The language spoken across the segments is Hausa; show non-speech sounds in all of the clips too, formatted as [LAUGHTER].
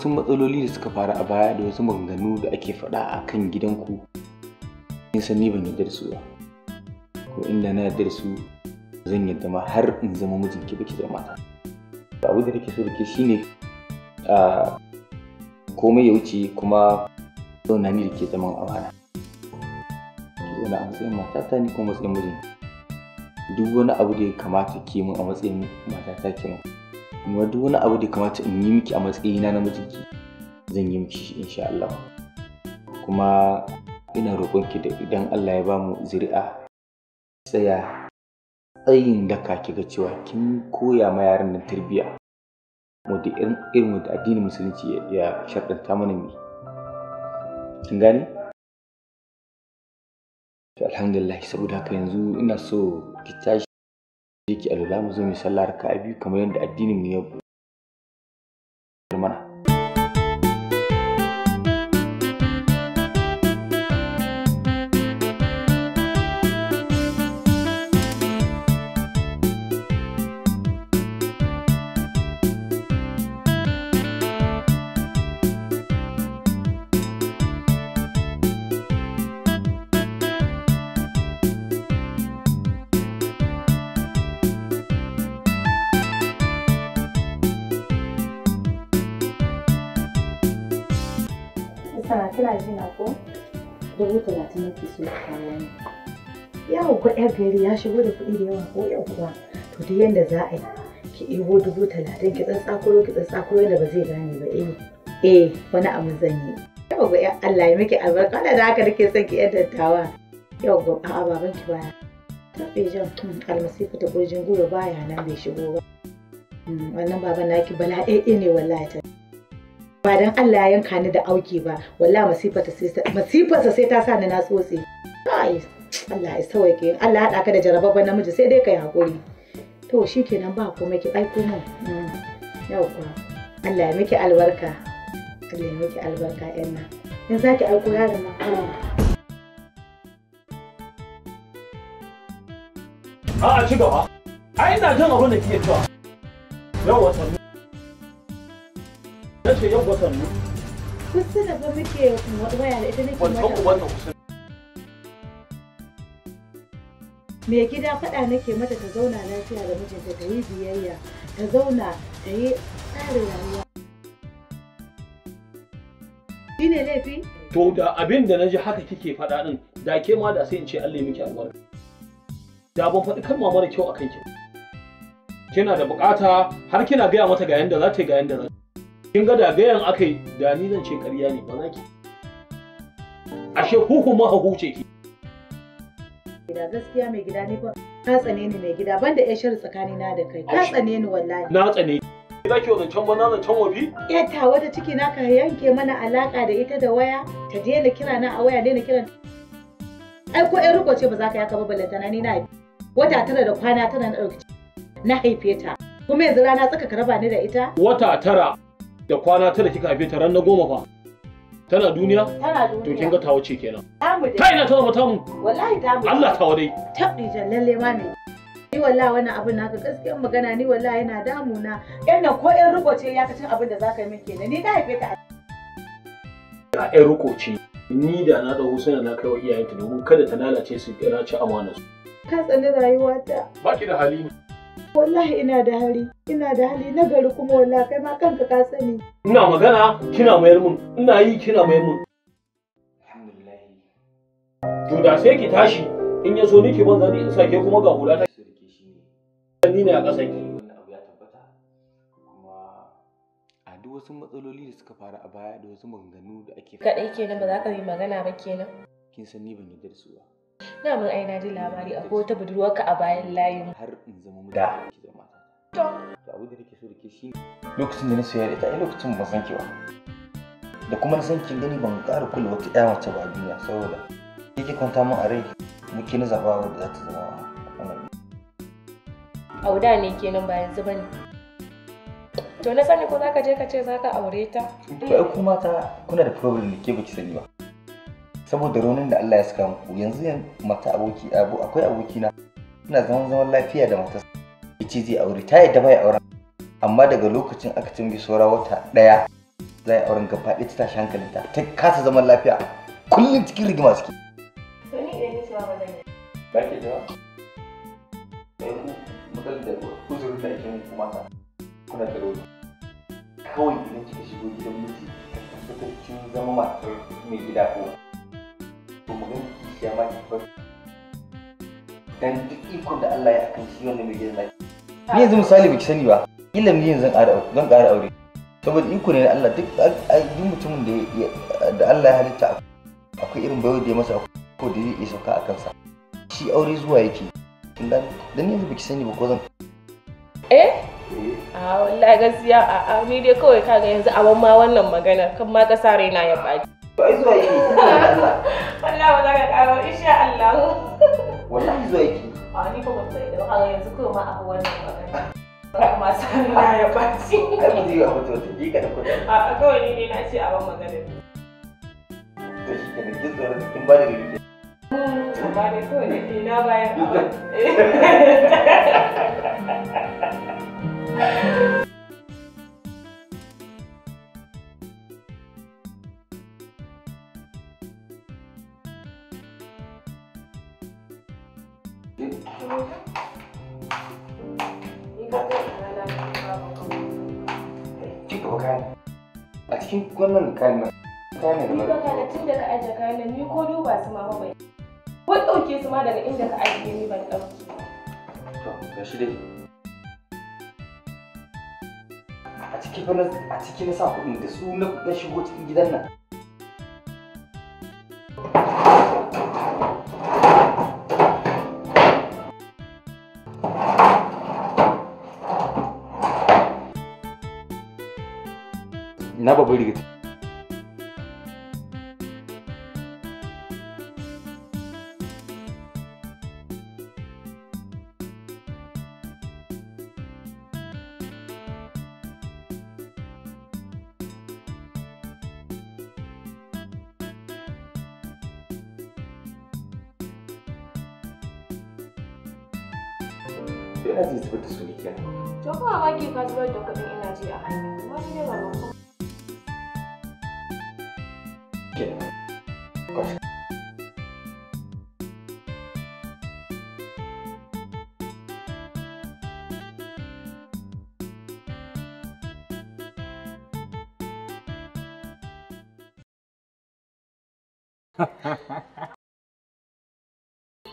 wasu matsaloli da suka faru a baya da wasu maganganu da ake faɗa a kan gidanku in sani ban yadda da su ba ko inda na yadda da su zan yadda ma har in zama mijinki baki da mata abu da nake so da ke shine a komai ya wuce kuma zauna ni da ke zaman amana ki zauna a matsayin matata ni kuma matsayin mijin? duk wani abu da ya kamata ke mun a matsayin matata ke mun kuma duk wani abu da kamata in yi miki a matsayina na mijinki zan yi miki insha Allah kuma ina roƙonki da idan Allah ya bamu zuri'a tsaya tsayin daka ki ga cewa kin koya ma yaran nan tarbiyya wadda irin irin addinin musulunci ya sharɗanta mana mi kin gane to alhamdulillah saboda haka yanzu ina so ki tashi yake ki alwala mu zo mu sallah raka'a biyu kamar yadda addinin mu ya suna ji na ko dubu talatin nake so ka kawo ni yawan kuɗin gari ya shigo da kuɗi da yawa ko yan kuwa? to duk yanda za a yi ki ɗebo dubu talatin ki tsatsakuro ki tsatsakuro yadda ba zai gane ba eh eh wani abu zan yi yau ga yan Allah ya miki albarka wanda da haka nake son ki yan dattawa yau ga a'a baban ki baya taɓe jan hmm, almasifu ta gurjin guro baya nan bai shigo ba hmm, wannan baban naki bala'e'e ne wallahi ta ba dan Allah ya yanka ni da auki ba wallahi masifarsa sai masifarsa sai ta sa ni na tsotse kai Allah ya sauke Allah ya haɗa ka da jarababban namiji sai dai kai hakuri to shikenan ba komai ki aiko mun mm. yauwa Allah ya miki albarka Allah ya miki albarka yan nan in zaki aiko yaron ma a ci gaba ai ina jin abin da kike cewa yau watanni na ce yau watan mu kusa da ba muke waya da ita nake mata wancan uban kusa me gida faɗa nake mata ta zauna lafiya da mijinta ta yi biyayya ta zauna ta yi tsarin rayuwa shi ne laifi to da abin da na ji haka kike faɗa ɗin da ke ma da sai in ce Allah ya miki albarka da ban faɗi kalma mara kyau akan ki kina da bukata har kina gaya mata ga yanda za ta yi ga yanda za ta kin ga dagayen aka yi da ni zan ce ƙarya ne ba za ki ashe huhu ma huce ki gida gaskiya mai gida ne ba ka tsane ni mai gida banda ya shar tsakani na da kai ka tsane ni wallahi na tsane za ki wancan ba na can wafi ya tawa ciki na ka yanke mana alaka da ita da waya ta daina kira na a waya daina kira ai ko ƴan riko ce ba za ka yaka ba ballantana ni na wata tara da kwana tana na ɗauki na haife ta kuma yanzu rana tsaka ka raba ni da ita wata tara da kwana tara kika haife ta ran na goma fa tana duniya tana duniya to kin ga tawo ce kenan tamu dai kai na tawo tamu wallahi tamu Allah tawo dai tabbi lalle ma ne ni wallahi wannan abin naka gaskiyar magana ni wallahi yana damuna yan nan ko yan ruko ce ya kacin abin da zaka yi min kenan ni na haife ta a yan ruko ce ni da na dawo sai na kai wa iyayenta domin kada ta lalace su ga ci amana su ka tsani ta. baki da hali ne wallahi ina da hali ina da hali na gari kuma wallahi kai ma kanka ka sani ina magana kina mayar mun ina yi kina mayar mun alhamdulillah to da sai ki tashi in ya so niki ban zani in sake kuma ga hula ta shirke shi ni ne a ƙasar ki a duk wasu matsaloli da suka faru a baya da wasu maganganu da ake kaɗai kenan ba za ka yi magana ba kenan kin san ni ban yarda da su ba Na mun aina na ji labari akwai wata budurwarka a bayan layin. Har in zama da To. To da nake so da ke shi lokacin da na soya da ita ai lokacin ba san ki ba. Da kuma na san kin gani ban ƙara kula wata ƴa mace ba duniya saboda ke ki kwanta min a rai muke na zaba wanda za ta zama wannan. Auda ne kenan ba yanzu bane. To na sani ko za ka je ka ce za ka aure ta? To ai kuma ta kuna da problem da ke baki sani ba. saboda raunin da Allah ya saka muku yanzu mata aboki abu akwai abokina ina zaman zaman lafiya da mata yace zai aure ta yadda bai auren amma daga lokacin aka cin saura wata daya za a auren gaba ɗaya ta tashi hankalinta ta kasa zaman lafiya kullum cikin rigima suke ba ke jawa matsalar da kuzurin da ake muku mata kuna da rauni kawai idan kika shigo gidan miji ka tabbatar kin zama matar mai gida ko domin kishiya ma ki bar dan duk ikon da Allah ya akan shi wannan mai zai lafiya ni yanzu misali ki sani ba kila ni yanzu zan ƙara aure saboda iko ne na Allah duk duk mutumin da da Allah ya halitta akwai irin bayo da ya masa ko da zai iya sauka a kansa shi aure zuwa yake Dan dan yanzu ki sani ba ko zan eh, eh? a ah, wallahi gaskiya a ah, ah, ni dai kawai kaga yanzu a ma wannan magana kan ma kasa raina ya baki ai zuwa yake wallahi ba za ka ƙara insha Allah wallahi zuwa yake a ni ko ba sai da ba yanzu ko ma abu wannan magana Rahama sanu na ya baci. Ai mu ji ga hoto ta ji ka da kuɗi. A kawai ni ne na ce a ban magana. To shi kenan duk da kin ba da gari. Hmm, amma dai kawai ni na bayan. [LAUGHS] a cikin wannan kayan nan kayan nan da ba tun da ka ajiye kayan nan ni ko duba su ma ba bai ko ɗauke su ma daga inda ka ajiye ni ban ɗauke to ga shi dai a cikin na sa kuɗin da su na shigo cikin gidan nan kenapa boleh gitu Yana zai zubar da su ne kenan. To kuma m a m k i ka u b a r da kuɗin ina ji a h a y a kenan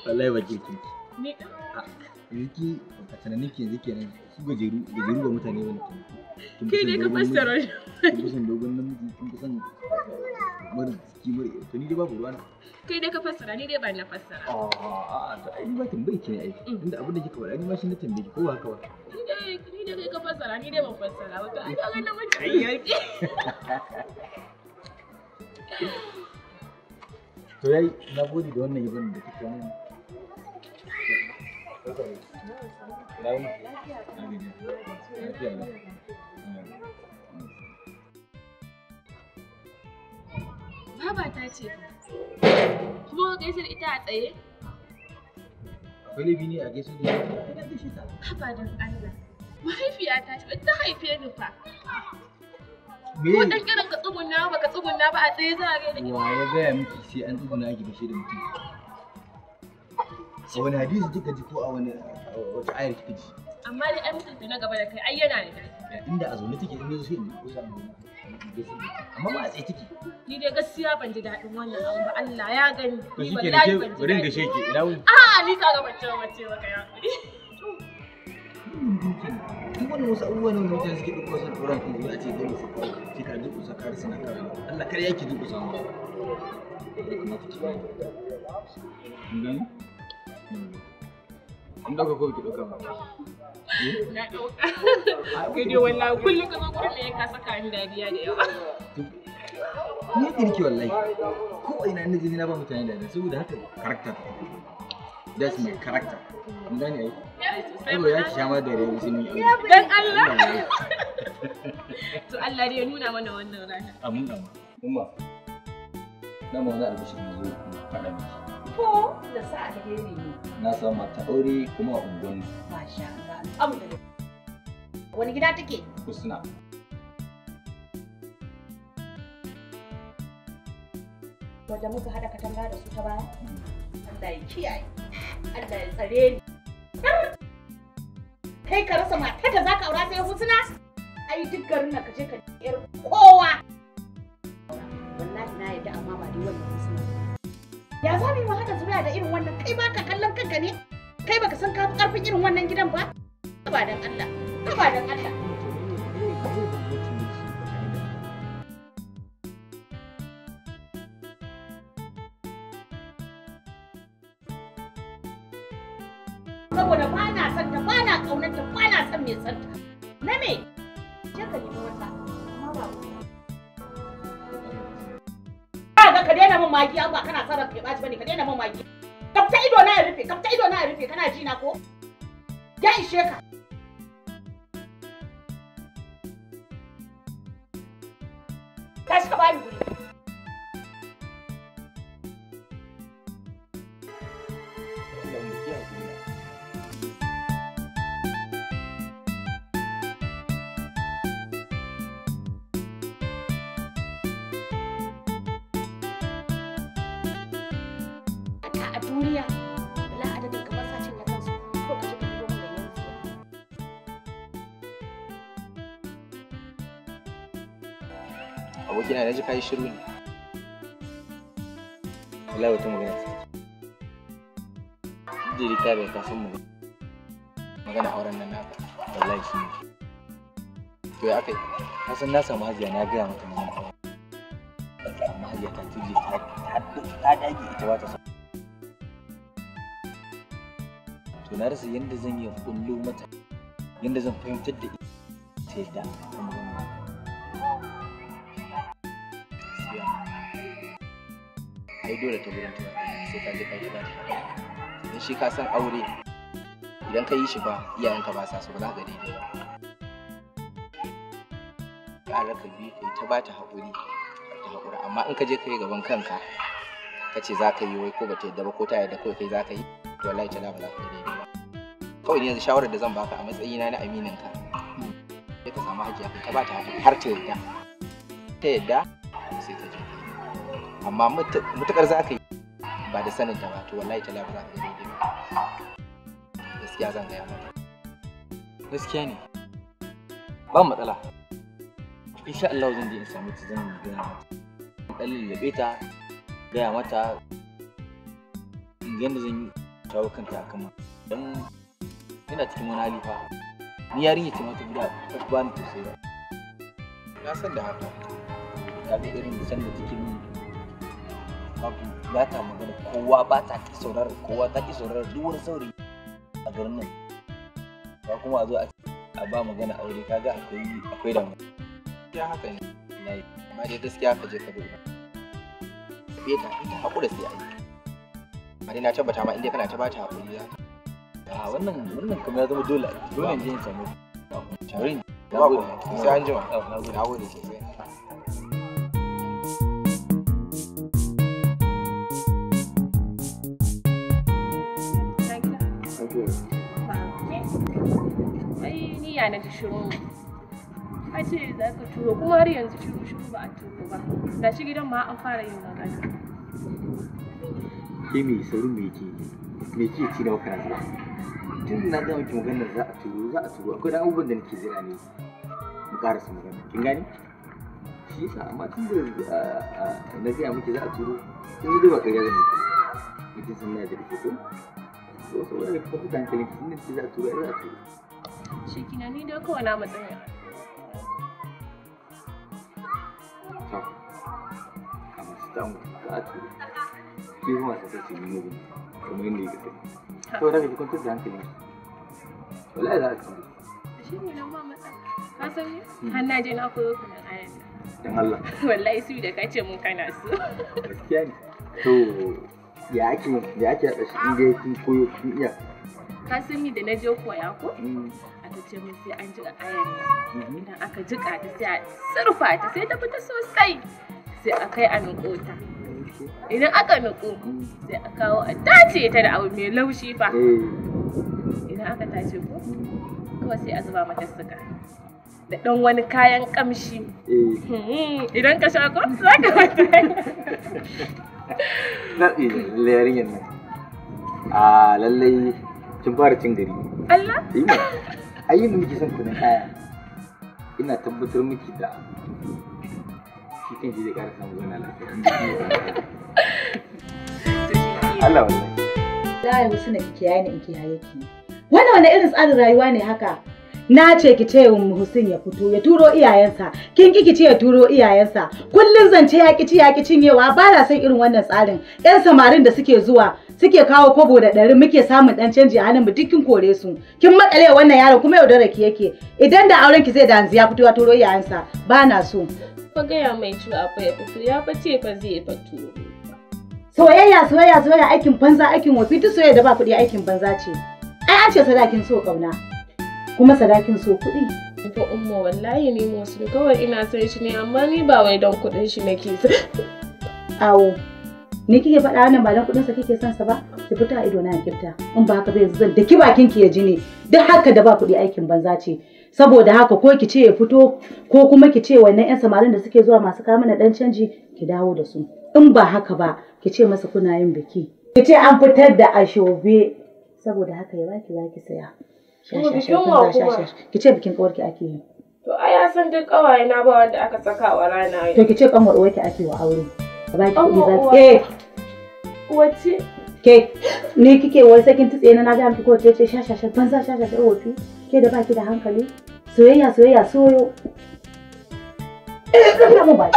wallahi ba kirki ne yanzu a tunanin ki yanzu kenan su gajeru gajeru mutane bane kai ne ka fassara shi kin kusan dogon namiji kusan mara jiki mara ido to ni dai babu ruwa na kai dai ka fassara ni dai ba na fassara a to ai ni ba tambayi ki ne ai inda mm. abin da kika faɗa ni ma shi na tambaye ki ko ba haka ba ni dai ni dai kai ka fassara ni dai ban fassara ba to ai ka ga namiji mutum. yaki [LAUGHS] to yayi na gode da wannan yabon da kika mun Lafiya. Lafiya. Kaba ta ce kuma gaisar ita a tsaye? Akwai laifi ne a gaisar da ita gaishe ta. Haba don Allah. Mahaifiyata ce ta haife ni fa. Ko dan irin ka tsugunna ba ka tsugunna ba a tsaye za a gaida ita. Wa ya gaya miki sai an tsuguna ake gaishe da mutum? A wani hadisi kika ji ko a wani wata ayar kika ji? amma dai ai mutunta na gaba da kai ai yana da inda a zaune take in yanzu sai in ko san amma ba a tsaye take ni dai gaskiya ban ji daɗin wannan abu ba Allah ya gani ni wallahi ban ji daɗin gashe ki ina wuni a ni ka ga bacce bacce ba kai hakuri duk wani wasu abubuwa ne mutane suke duk wasu tsoron kuma zuwa ce dole su kawai sai ka duk kusa kar suna kare Allah kar yake duk kusa ma gani an dauka ko ki dauka ba na dauka kai wallahi kullum ka zo gurin me ka saka ni dariya da yawa ni yake nake wallahi ko ina na jini na ba mutane dariya saboda haka karakta that's my character an gane ai saboda ya sha ma dariya shi ne dan Allah to Allah dai ya nuna mana wannan rana amin amma umma na mu na albishin ne faɗa miki ko da sa alheri ne. Na samu mata aure kuma a unguwanni. Masha Allah. Wani gida take? Kusna. Wajen muka haɗa katanga da su ta baya? Mm. Allah ya kiyaye. Allah ya tsare ni. Kai ka rasa matar da za ka aura sai husna? Ai duk garin na ka je ka yar kowa. Wallahi na yadda amma ba dai wannan husna. Ya za mu yi mu zuriya da irin wannan kai baka kallon kanka ne? Kai baka san kafin karfin ƙarfin irin wannan gidan ba? ba dan Allah, ba dan Allah. Saboda ba na san ta, ba na kaunar ta, ba na son mai son ta. Na me? min magi an ba kana ya bane ka daina magi kafta ido na ya rufe kafta ido na ya rufe kana ji na ko ya ishe mata a duniya bila adadin kamar sacin na kansu ko ka je ka dubo mu yanzu abokina na ji kayi shiru ne Allah wata magana ce jiri ta bai kasan mu magana auren nan naka wallahi shi ne to ya aka yi? san na samu hajiya na gaya maka magana auren amma hajiya ta tuje ta dage ita ba ta so na rasa yadda zan iya kullu mata yadda zan fahimtar da ita ta yadda ai dole ta gurin sai ka je ka yi ba idan shi ka san aure idan ka yi shi ba iyayenka ba sa su ba za ka daidai ba ƙara ka bi kai ta ba ta haƙuri ta haƙura amma in ka je ka yi gaban kanka ka ce za ka yi wai ko ba ta yadda ba ko ta yadda kawai kai za ka yi wallahi ta ba za ka daidai ba kawai ne yanzu shawarar da zan baka a matsayina na aminin ka sai ka samu hajiya ka ba ta har ta yadda ta yadda sai ka je amma mutukar za ka yi ba da sanin ta ba to wallahi ta lafi za ka gani gaskiya zan gaya mata gaskiya ne ba matsala insha Allah zan je in sami ta zan gina mata dan lallabe ta gaya mata yadda zan yi kawo kanta akan don yana cikin wani hali fa ni yarinya ce mata gida ta ba ni sosai ba na san da haka Ka ga irin san da cikin min babu ya ta magana kowa ba ta ki saurar kowa ta ki saurar duk wani saurayi a garin nan ba kuma a zo a ba magana aure kaga akwai akwai damuwa ya haka ne na yi amma dai gaskiya ka je ka zo ita ta haƙura sai a yi ba dai na tabbata ma inda kana ta bata hakuri za ta a ah, wannan wannan kuma ya zama dole dole ne in same tarin gode sai an jima gode shiru a ce za ka turo har yanzu shiru shiru ba a turo ba da shi gidan ma an fara yin magana ke mai sauri mai ke mai ke ci da wakar zuwa tun na gama ki maganar za a turo za a turo akwai da abubuwan da nake jira ne mu karasa magana kin gane shi yasa amma tun da ah, ah, na gaya miki za a turo tun da ba kariya zan miki mutum sun na da rike ko so saboda ka fita da hankalin kin nan za a turo za a turo shi kina ni da kowa na matsaya to kamar su damu za a turo ki ta ce ni ne kuma yadda to daga jikin tuzi da mun kana su gaskiya ne to ya ake ya ake da inda koyo kin iya ka san ni da na hmm. je koya ko aka ce mun sai an jika ayan idan aka jika ta sai a surfa ta sai ta fita sosai sai a kai a ta. idan aka nuku sai a kawo a tace ta da abu mai laushi fa mm. idan aka tace ko kawai sai a zuba mata suka da ɗan wani kayan ƙamshi mm. [LAUGHS] idan ka sha ko za ka mata [LAUGHS] lallai yarinyar nan a lallai kin fara cin gari Allah ayi da muke son kunin kaya ina tabbatar miki da shi kan ji zai ƙara samun zana lafiya Allah wallahi. ne ki. Wannan wani irin tsarin rayuwa ne haka? Na ce ki ce wa Hussein ya fito ya turo iyayensa, kin ki ce ya turo iyayensa. Kullun zance ya ci ya cinyewa ba na son irin wannan tsarin. Yan samarin da suke zuwa suke kawo kobo da ɗari muke samun ɗan canji a hannun mu duk kin kore su. Kin makale wannan yaron kuma yaudara ki yake. Idan da auren ki zai danzi ya fito ya turo iyayensa ba na so. Fa gaya mai a fa ya fito ya fa ce fa zai soyayya soyayya soyayya aikin banza aikin wofi duk soyayya da ba kuɗi aikin banza ce ai an ce sadakin so kauna kuma sadakin so kuɗi to umma wallahi mu musu kawai ina son shi ne amma ni ba wai don kuɗin shi nake so awo ni kike faɗa wannan ba don kuɗin sa kike son sa ba ki fita ido na kifta in ba haka zai zan daki bakin ki ya ji ne duk haka da ba kuɗi aikin banza ce saboda haka ko ki ce ya fito ko kuma ki ce wannan yan samarin da suke zuwa masu kawo mana dan canji ki dawo da su in ba haka ba ki ce masa kuna yin biki ki ce an fitar da ashobe saboda haka ya baki ya ki saya ki ce bikin ki ake yi to a ya san duk kawaye na ba wanda aka saka wa rana to ki ce kanwar ki ake wa aure ba ki kuɗi ba ke eh! wace ke ni kike wai kin tsaye na ga miki ko ce ce sha sha shashasha wofi ke da baki da hankali soyayya soyayya soyo eh kana mu ba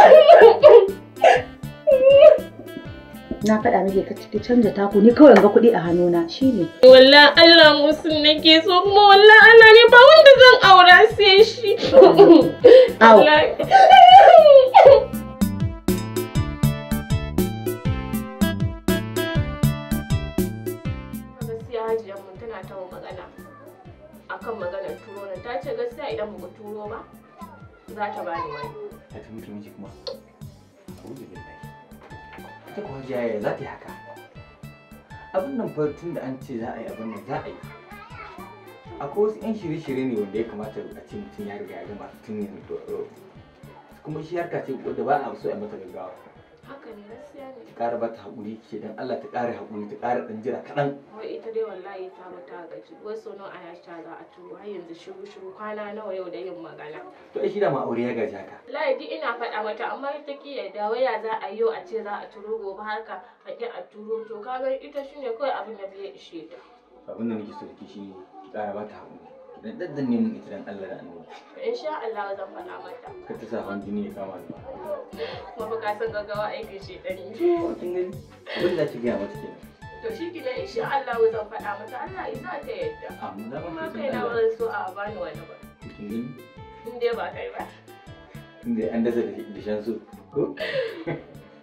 na faɗa miki ka ta canza taku ni kawai ga kuɗi a hannuna shine wallahi Allah musun nake so kuma wallahi Allah ne ba wanda zan aura sai shi [LAUGHS] au akan maganar turo nan ta ce gaskiya idan muka turo ba za ta bani wani. Ta turo miki kuma. ita kuwa jaya za ta yi haka abin nan fa tun da an ce za a yi abin nan za a yi akwai wasu yan shirye-shirye ne wanda ya kamata a ce mutum ya riga ya gama tun yanzu kuma shi harka ce da ba a so a mata gaggawa ki ƙara bata ta haƙuri ke dan Allah ta ƙara haƙuri ta ƙara ɗan jira kaɗan. wai ita dai wallahi ta mata gaji wai so a aya ta za a turo har yanzu shiru shiru kwana nawa yau da yin magana. to ai shi da ma aure ya gaji haka. wallahi duk ina faɗa mata amma ita ki yadda waya za a yi yau a ce za a turo gobe haka a ƙi a turo to ka ga ita shine kawai abin da bai ishe ta. abin da nake so da ki shi ƙara bata haƙuri. Dan daddan ne mun ita dan Allah da annabi. Insha Allah zan faɗa mata. Ka ta sa hawan jini ya kama ni. Kuma ka san gaggawa aiki shi ɗari. Kin gani? Abin da ki gaya mata kenan. To shi kila insha Allah zan faɗa mata Allah ya sa ta yadda. Ah, amma kuma kai na ba so a bani wani ba. Kin gani? In dai ba kai ba. In dai an dasa da shan su.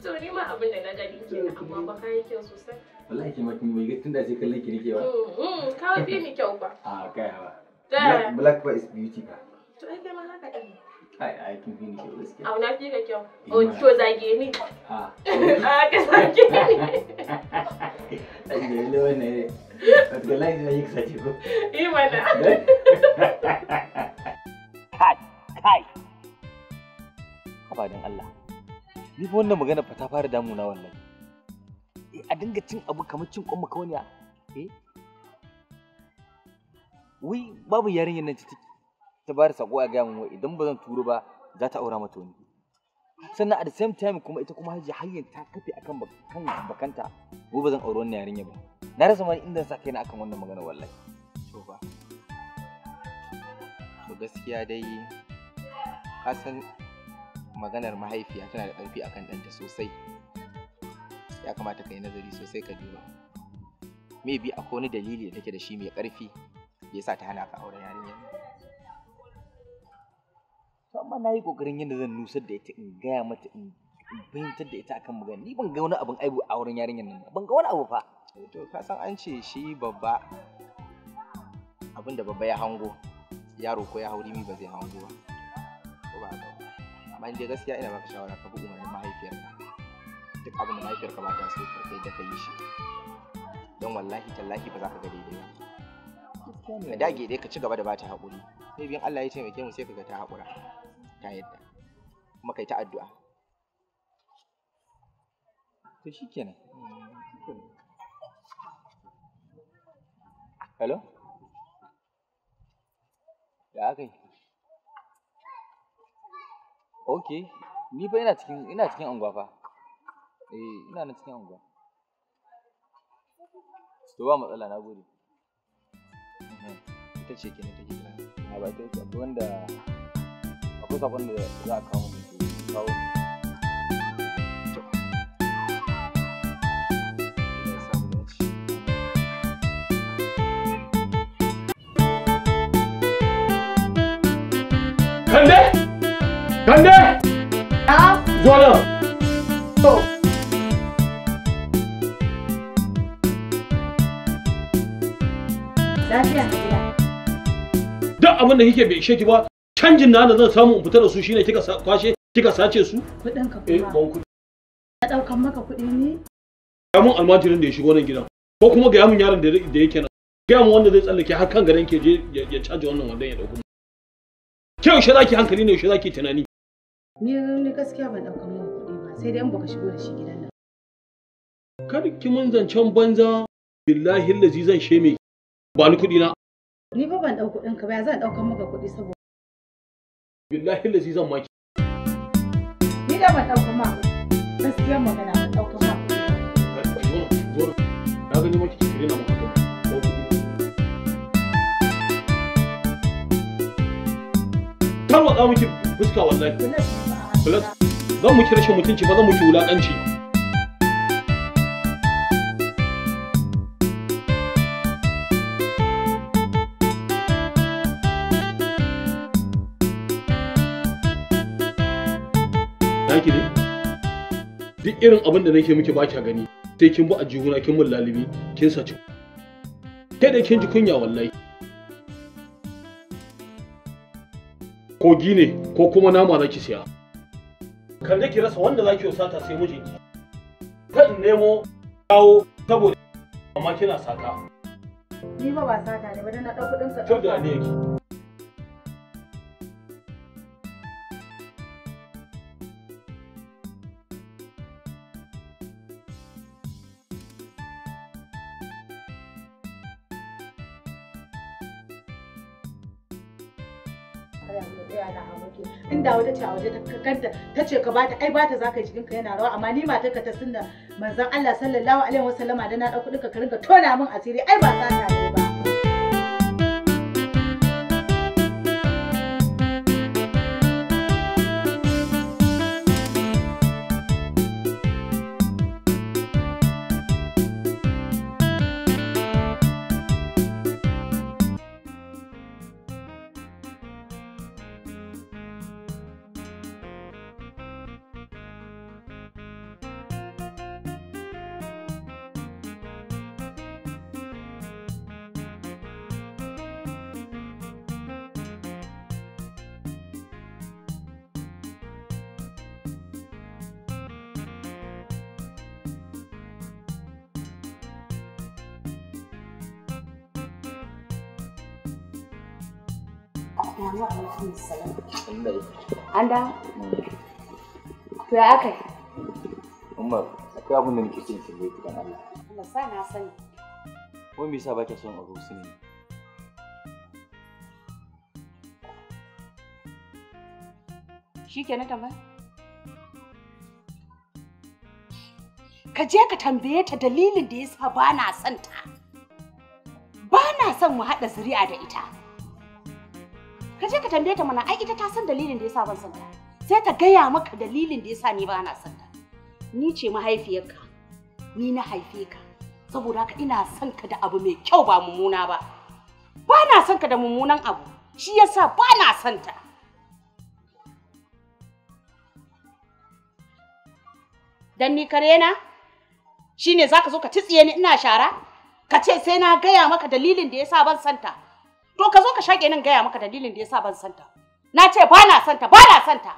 To ni ma abin da na gani kenan amma ba ka yi kyau sosai. Wallahi ke ma kin mai tun tunda sai kallon ki nake ba. Mm-hmm, Kawai bi ni kyau ba. A ah, kai ba. Black, black boy is beauty ba. To ai kai ma haka ɗin. Ai ai kin fi ni kyau gaskiya. Abu na fi ka kyau. Eh, o oh, to zage ni. A. Ah. [LAUGHS] A ah, ka zage ni. [LAUGHS] ne. Wata lai zai yi kasace ko. Yi eh, mana. [LAUGHS] Kai kai. Allah. Ni fa wannan magana fa ta fara damuna wallahi. Eh, a dinga cin abu kamar cin kwan Eh, wai babu yarinyar nan ta ba da sako a gaya min wai idan ba zan turo ba za ta aura mata wani sannan at the same time kuma ita kuma hajiya hanyar ta kafe akan kan bakanta wai ba zan aura wannan yarinya ba na rasa mani inda sa na akan wannan magana wallahi to ba to gaskiya dai ka maganar mahaifiya tana da ƙarfi akan ɗanta sosai ya kamata ka yi nazari sosai ka duba bi akwai wani dalili da take da shi mai ƙarfi yasa ta hana ka auren yarinya to amma na yi kokarin yin da zan nusar da ita in gaya mata in fahimtar da ita akan magana ni ban ga wani abin aibu a wurin yarinyar nan ban ga wani abu fa to ka san an ce shi babba Abinda babba ya hango yaro ko ya hauri mi ba zai hango ba ko ba haka amma inda gaskiya ina baka shawara ka bi umarnin mahaifiyarka duk abin da mahaifiyarka ba ta so ka kai da ka yi shi don wallahi tallahi ba za ka ga daidai ba ka dage dai ka ci gaba da bata haƙuri sai biyan Allah ya taimake mu sai ka ga ta haƙura ta yadda kuma kai ta addu'a to shikenan hello ya aka okay ni fa ina cikin ina cikin unguwa fa eh ina na cikin unguwa to ba matsala na gode ita ce ke take kira a ba wanda akwai sakon da za a kawo mu kawo Kande! Kande! wanda kike bai ishe ba canjin na da zan samu in fita da su shine kika kwashe kika sace su kuɗin ka eh kuɗi na daukan maka kuɗi ne ga mun almajirin da ya shigo nan gidan ko kuma ga mun yaron da da yake nan ga mun wanda zai tsallake har kan garin ke je ya caje wannan wannan ya dauko ke yaushe zaki hankali ne yaushe zaki tunani ni ni gaskiya ban daukan maka kuɗi ba sai dai an baka shigo da shi gidan nan kar ki mun zancen banza billahi lazi zan sheme ba ni kuɗi na Ni ba ban ɗau kuɗin ka ba ya zan ɗaukan maka kuɗi saboda. Billahi lazi zan maki. Ni da ban ɗauka ma gaskiya magana ban ɗauka ma. Na gani maki kire na maka. Tarwatsa miki fuska wallahi. Plus zan muki rashin mutunci ba zan muki wulaƙanci. ne duk irin abin da nake miki baki gani sai kin bi a jiguna kin mun lalibi kin saci kai da kin ji kunya wallahi kogi ne ko kuma nama na ki siya kan ki rasa wanda zaki usata sai mijinki kan nemo kawo saboda amma kina saka ni ba ba sata ne ba dan na dau dinka ne da wata ce a waje ta kanta ta ce ka bata ai bata zaka jikin ka yana rawa amma ni matar ka ta sunna manzon Allah sallallahu alaihi wasallama da na dauki duka ka ringa tona min asiri ai ba ta ne Assalamu alaikum salam. An da? To ya aka yi? Umar, akwai abin da nake cin tambaye ki dan Allah. Allah sa na sani. Ko me yasa baki son aure su ne? Shi ke na tambaya? Ka je ka tambaye ta dalilin da ya sa ba na son ta. Ba na son mu haɗa zuri'a da ita. Kaje je ka tambaye ta mana ai ita ta san dalilin da yasa ban san ta. Sai ta gaya maka dalilin da yasa ni ba na san ta. Ni ce mahaifiyarka. Ni na haife ka. Saboda ka ina son ka da abu mai kyau ba mummuna ba. Ba na son ka da mummunan abu. Shi yasa ba na son ta. Dan ni kare na? Shine zaka zo ka titsiye ni ina shara? Ka ce sai na gaya maka dalilin da yasa ban santa. to ka zo ka shage nan gaya maka dalilin da yasa ban santa na ce ba na santa ba na santa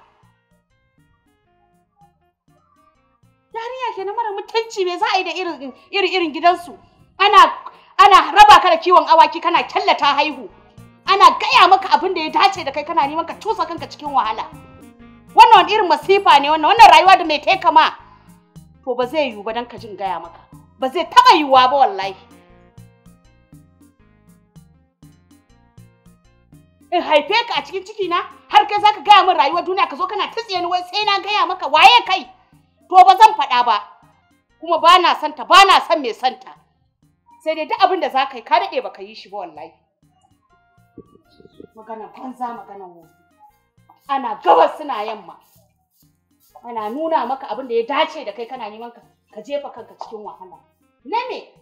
Yariya ke na mara mutunci me za a yi da irin irin gidansu ana ana raba ka da kiwon awaki kana kyallata haihu ana gaya maka abin da ya dace da kai kana neman ka cusa kanka cikin wahala wannan irin masifa ne wannan wannan rayuwa da mai kai kama to ba zai yiwu ba dan ka jin gaya maka ba zai taba yiwuwa ba wallahi in haife ka a cikin ciki na har kai zaka gaya min rayuwar duniya ka zo kana ta tsiyani wai sai na gaya maka waye kai to ba zan faɗa ba kuma ba na santa ba na son mai santa sai dai duk abin da za ka yi ka daɗe ba ka yi shi ba wallahi magana banza magana wofi ana gabas suna yamma ana nuna maka abin da ya dace da kai kana neman ka ka jefa kanka cikin wahala na me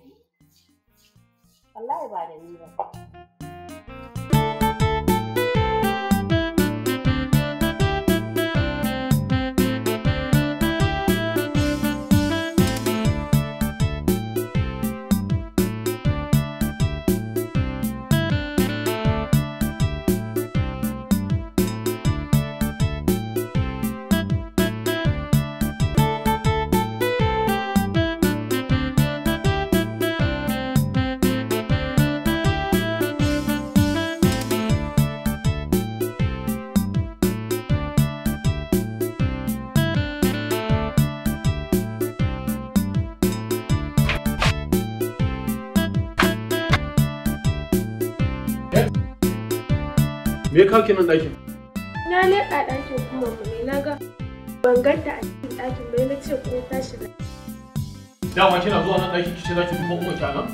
wallahi ba da ni ba kawo ki nan ɗakin? Na leƙa ɗakin kuma mai ne na ga ban ganta a cikin ɗakin bai na ce ko ta shiga. Dama kina zuwa nan ɗakin kici za kuma kuma umar nan?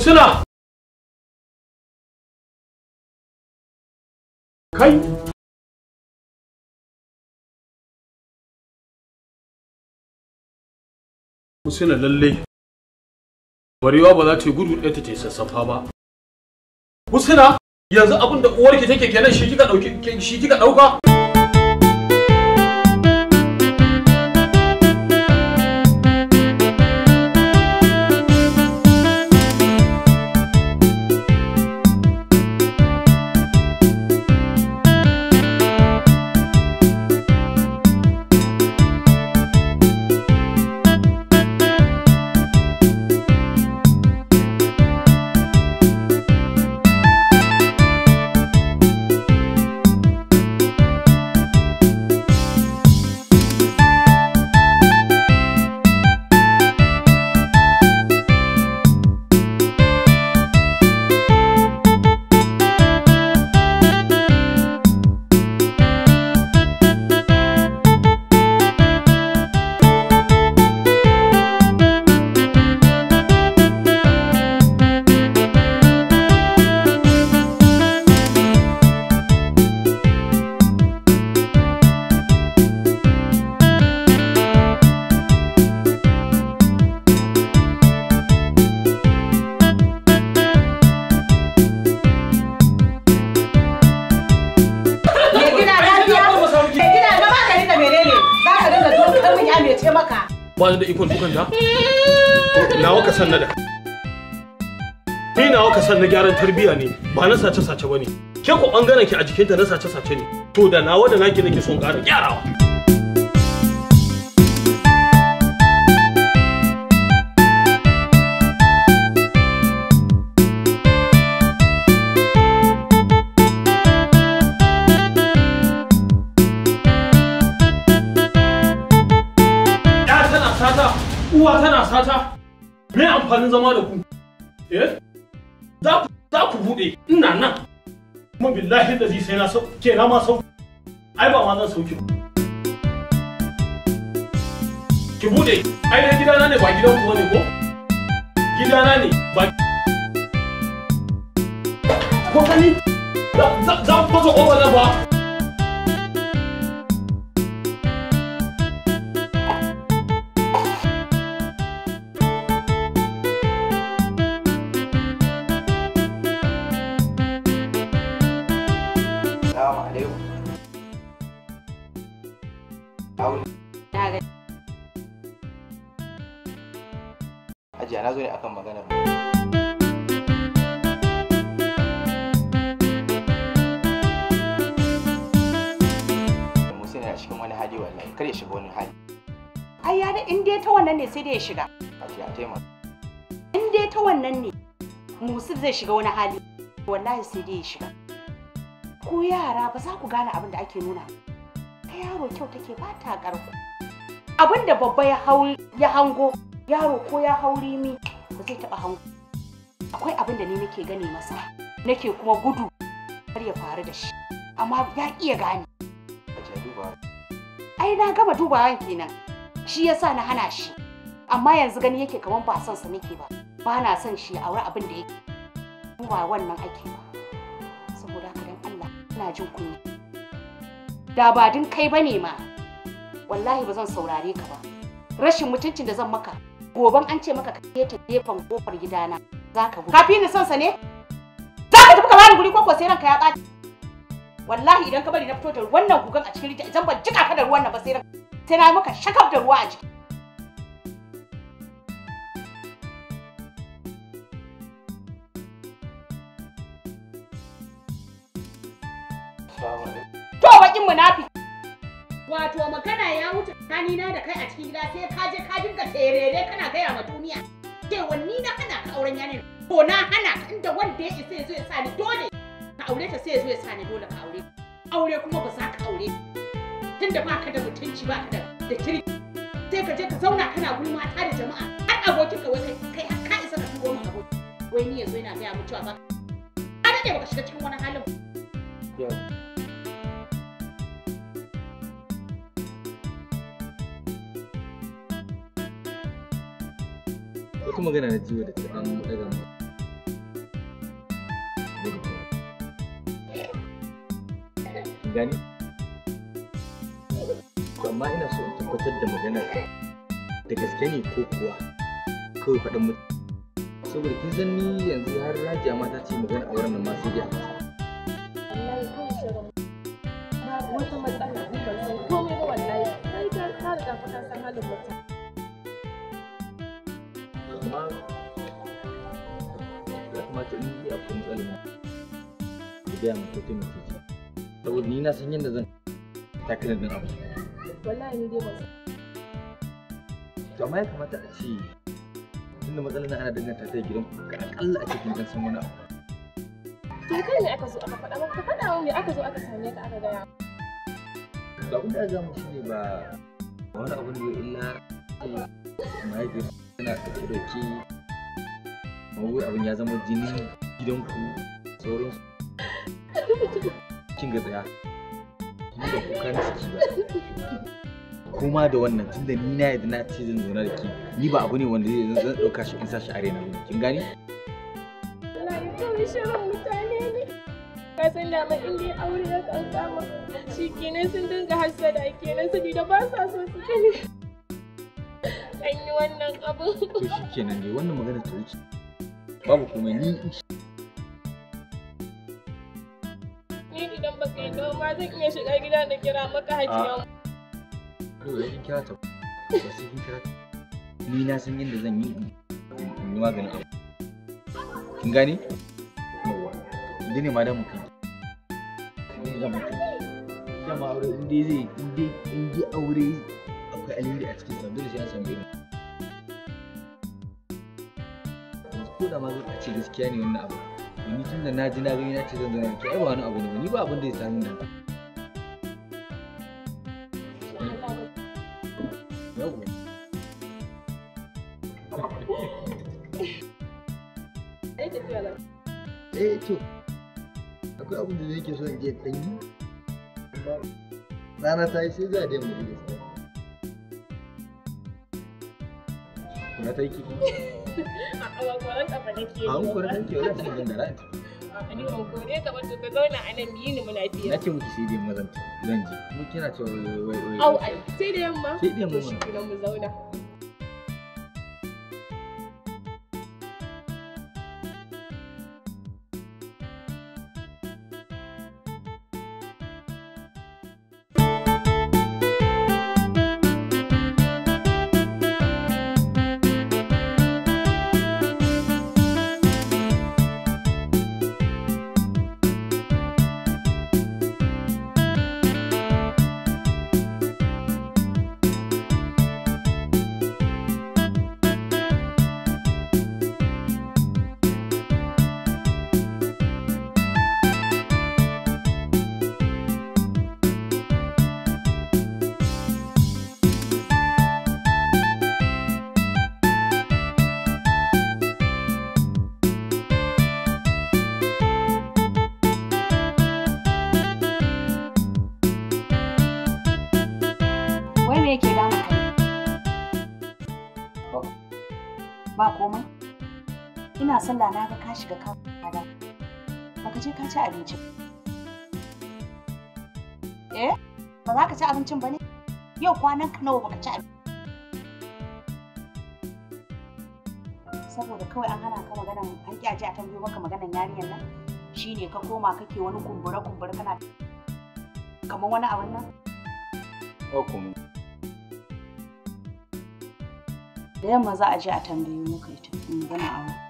Ke? kai Husina lalle barewa ba za ta yi gudu ɗaya ta ta sassafa ba Husina yanzu abin da uwarki take kenan shi kika ɗauka? bane ke ko gane ki a jikinta na sace sace ne to da nawa da naki nake son ƙara gyarawa uwa tana sata me amfanin zama da ku eh za ku buɗe ina nan kuma billahi da sai na sau ke na ma sau ai ba ma zan sauki ki bude ai dai gidana ne ba gidan kuma ne ko gidana ne ba ko kani za za ku zo ko ba in dai ta wannan ne musa zai shiga wani hali wallahi sai dai ya shiga ku yara ba za ku gane abin da ake nuna ta yaro kyau take ba ta karko abin da babba ya hango yaro ko ya hau rimi ba zai taɓa hango akwai abin da ni nake gane masa nake kuma gudu har ya faru da shi amma ya iya gane ai na gama dubawan kenan shi yasa na hana shi amma yanzu gani yake kaman ba son sa nake ba ba na son shi wuri abin da yake ba wannan ake ba saboda haka dan Allah ina jin kunya da ba din kai bane ma wallahi ba zan saurare ka ba rashin mutuncin da zan maka goban an ce maka ka keta gefen kofar gidana zaka gudu kafi ni son sa ne ka tafi ka bani guri koko sai ranka ya kaci wallahi idan ka bari na fito da wannan gugan a cikin rijiya idan ban jika ka da ruwan nan ba sai ranka sai na maka shakaf da ruwa a jiki bakin munafi wato magana ya wuce na da kai a cikin gida sai ka je ka dinga tserere kana gaya ma duniya Ke wanni na hana ka auren yanin ko na hana ka inda wanda ya isa ya zo ya sa ni dole ka aure ta sai ya zo ya sa ni dole ka aure aure kuma ba za ka aure tunda baka da mutunci baka da da kirki sai ka je ka zauna kana gulma ta da jama'a har abokin ka wai kai kai har ka isa ka shigo ma aboki wai ni yanzu ina gaya mu cewa ba ka dade baka shiga cikin wani halin muku magana na jiwo da ta mu daga mu gani amma ina so in tabbatar da maganar da gaske ne ko kuwa saboda kin san ni yanzu har rajiya ma ta ce magana a wurin nan ma gaya min ni na san yadda zan takalar din abu wallahi ni ba to ya a ce tunda matsalar ana danganta ta gidan ku ka akalla a cikin dan san aka zo aka faɗa maka aka zo aka same aka gaya za mu ba wani illa abin ya zama jinin gidanku sauransu kin ga tsaya da kukan ciki ba kuma da wannan tunda ni na yadda na ce zan zauna da ke ni ba abu ne wanda zai zan ɗauka shi in sa shi a raina ba kin gane ka san dama in dai aure ya kankama shi kenan sun dinga hasada kenan saboda ba sa so su kane an yi wannan abu to shi kenan dai wannan magana ta wuce babu kuma ni zan iya shiga gida da kira maka hajiya. Dole ah. eh, in kira ta. Ba sai kira ta. Ni na san yadda zan yi in yi maganin abu. Kin gane? Yawwa. Inda ne ma dan mutum. Ni zan mutum. Dama aure in dai zai in dai aure akwai alheri a cikin sa da sai an san bai. Ko da ma zai ce gaskiya ne wannan abu. ni tun da na ji na gani na ce zan zana da ai ba wani abu ne ba ni ba abin da ya sani nan eh to akwai abin da nake so in je ɗan yi rana ta yi sai za a dai mu da kuna ta yi kifi a kafa nake yi a nake wani a ni ka ba to ka zauna a nan biyu ni muna biyu na muku sai dai zan je mu kina cewa wai wai au ai sai da yamma sai da yamma mu zauna sallah na ga ka shiga ka fada baka je ka ci abinci eh ba za ka ci abincin ba ne yau kwanan ka nawa baka ci abinci saboda kawai an hana ka maganan an kyaje a tambayi maka maganan yarinyar nan shine ka koma kake wani kumbura kumbura kana kamar wani abin nan da yamma za a je a tambayo maka ita a wani